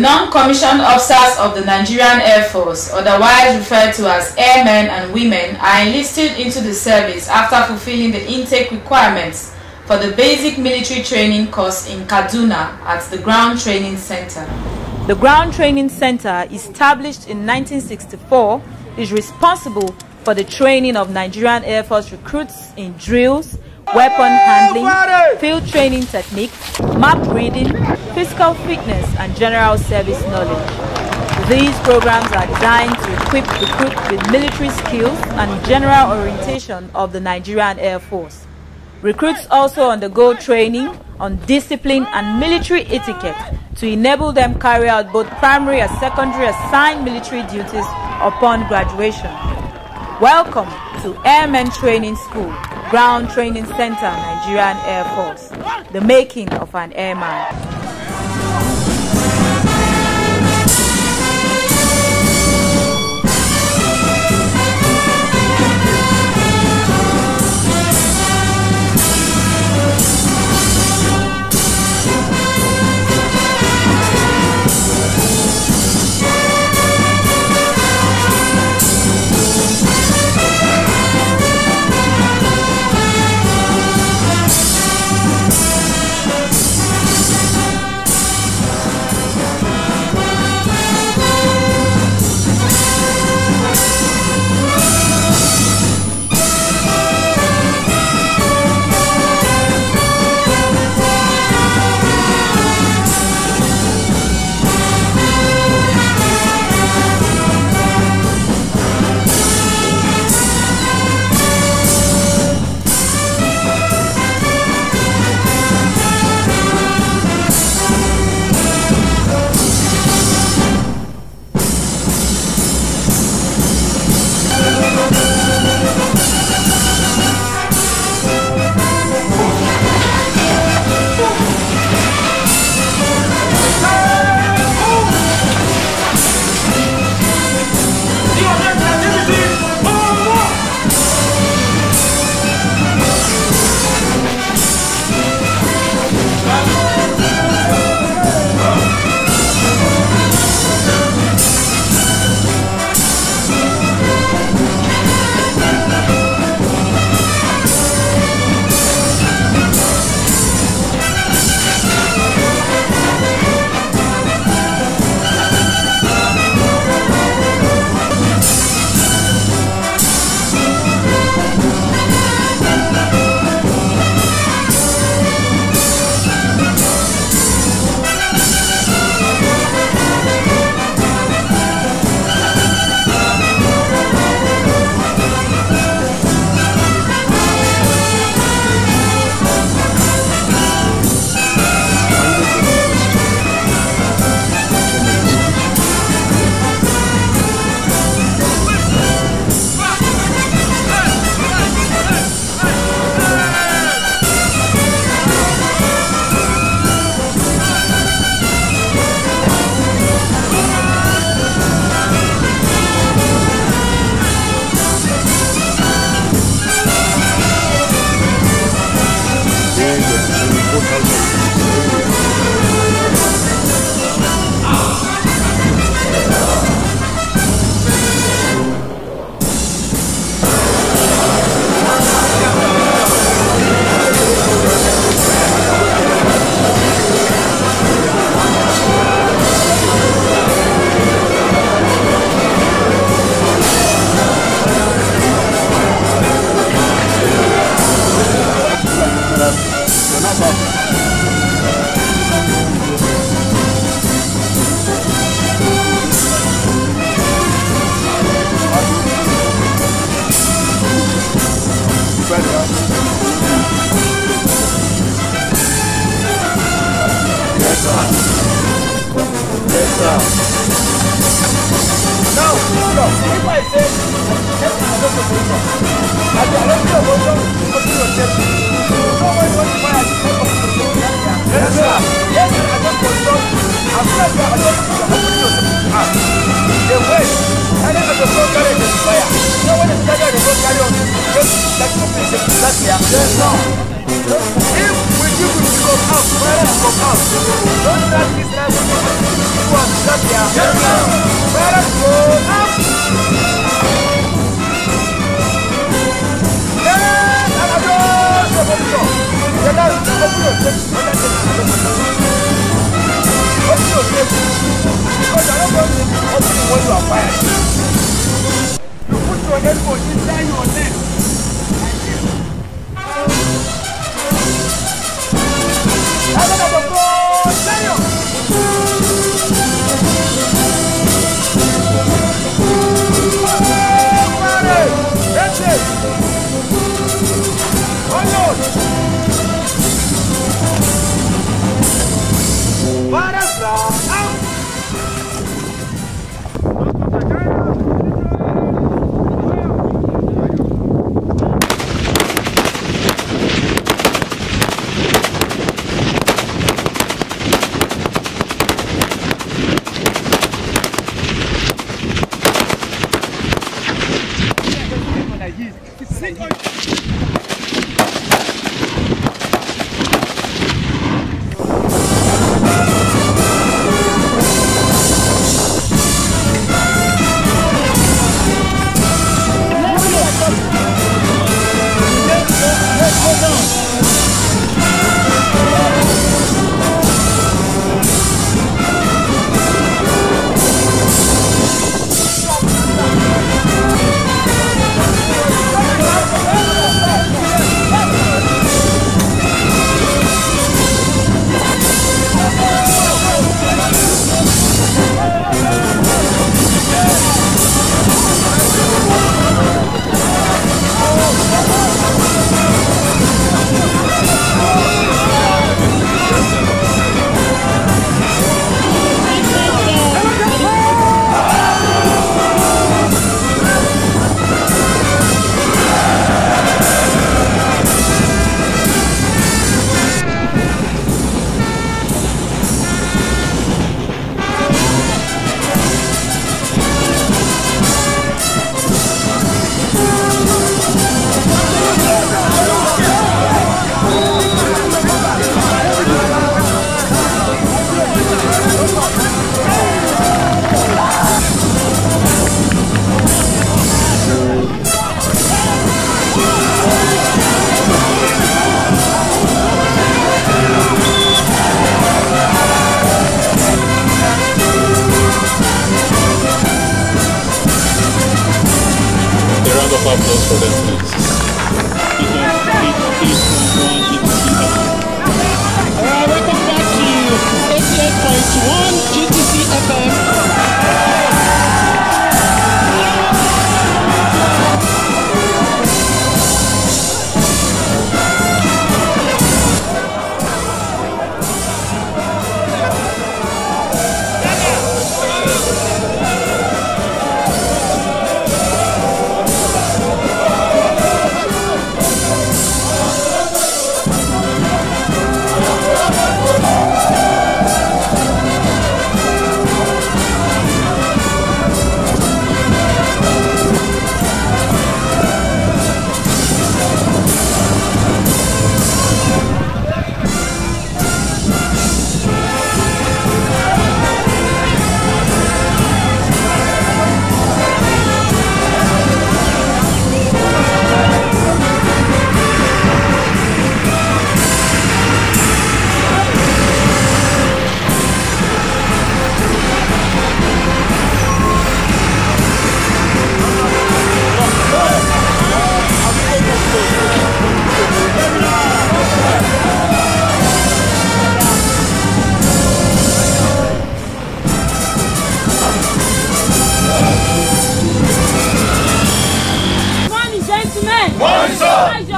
non-commissioned officers of the Nigerian Air Force, otherwise referred to as airmen and women, are enlisted into the service after fulfilling the intake requirements for the basic military training course in Kaduna at the Ground Training Center. The Ground Training Center, established in 1964, is responsible for the training of Nigerian Air Force recruits in drills, weapon handling, field training techniques, map reading, physical fitness, and general service knowledge. These programs are designed to equip recruits with military skills and general orientation of the Nigerian Air Force. Recruits also undergo training on discipline and military etiquette to enable them carry out both primary and secondary assigned military duties upon graduation. Welcome to Airmen Training School. Ground Training Center, Nigerian Air Force. The making of an airman.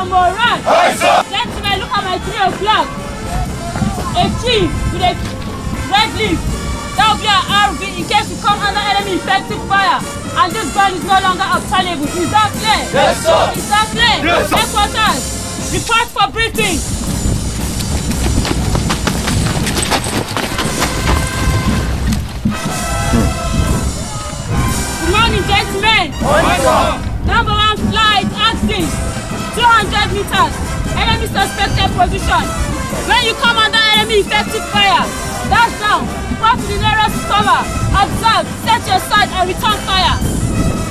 from Moran. Aye, sir. Gentlemen, look at my 3 o'clock. A tree with a red leaf. That will be an RV in case we come under enemy effective fire. And this gun is no longer obtainable. Is that clear? Yes, sir. Is that clear? Yes, sir. Headquarters, report for briefing. Good morning, gentlemen. Morning, sir. Number one flight, active. 200 meters, enemy suspected position. When you come under enemy effective fire, dash down, cross to the nearest cover, observe, set your sight and return fire.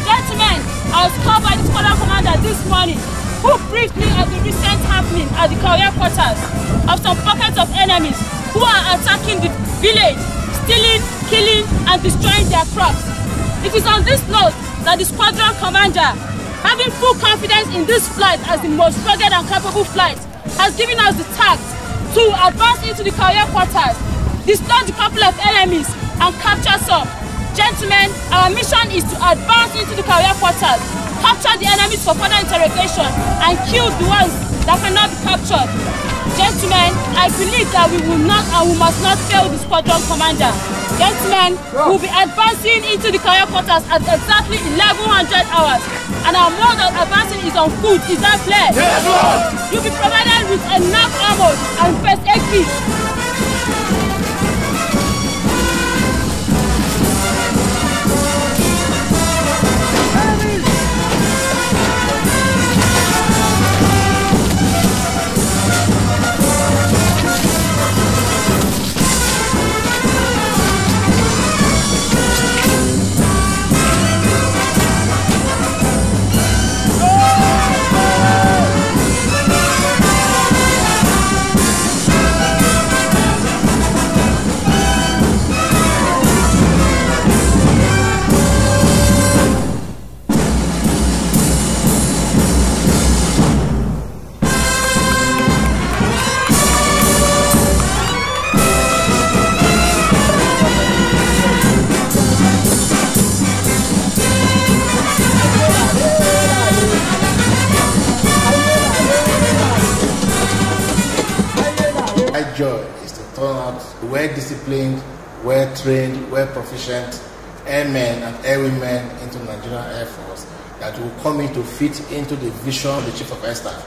Gentlemen, I was called by the squadron commander this morning who briefed me of the recent happening at the career quarters of some pockets of enemies who are attacking the village, stealing, killing, and destroying their crops. It is on this note that the squadron commander Having full confidence in this flight as the most rugged and capable flight has given us the task to advance into the career quarters, dislodge a couple of enemies, and capture some. Gentlemen, our mission is to advance into the career quarters, capture the enemies for further interrogation, and kill the ones that cannot be captured. Gentlemen, I believe that we will not and we must not fail the squadron commander. Gentlemen, yeah. we'll be advancing into the career quarters at exactly 1100 hours. And our mode of advancing is on foot, is that clear? Yes, Lord! You'll be provided with enough ammo and first aid kit. well-trained, well-proficient airmen and airwomen into the Nigerian Air Force that will come in to fit into the vision of the Chief of Air Staff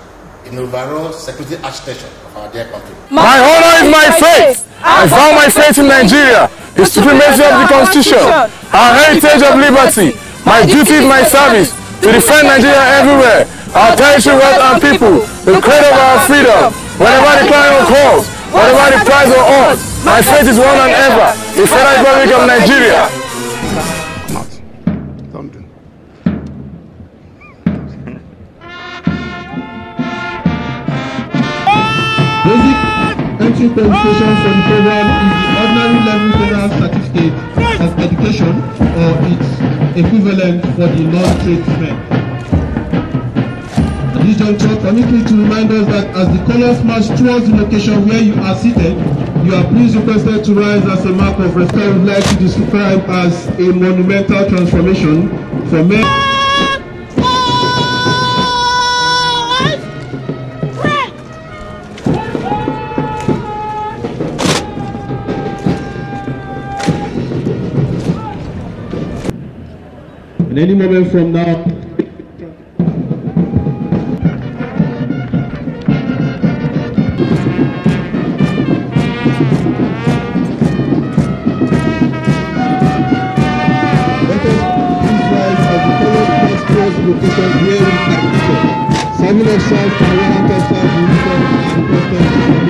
in overall security architecture of our dear country. My, honor is my faith. I found my faith in Nigeria, the supremacy of the Constitution, our heritage of liberty. My duty is my service to defend Nigeria everywhere, our territory, wealth and people, the credo of our freedom, whenever the client calls, whatever the price or odds, my faith is one and ever. The Federal Republic of Nigeria. Not Basic entry qualification for the program is the ordinary level federal certificate of education or its equivalent for the non-tradesmen this juncture, permit me to remind us that as the colors march towards the location where you are seated, you are please requested to rise as a mark of respect. would like to describe as a monumental transformation for men. In any moment from now, located where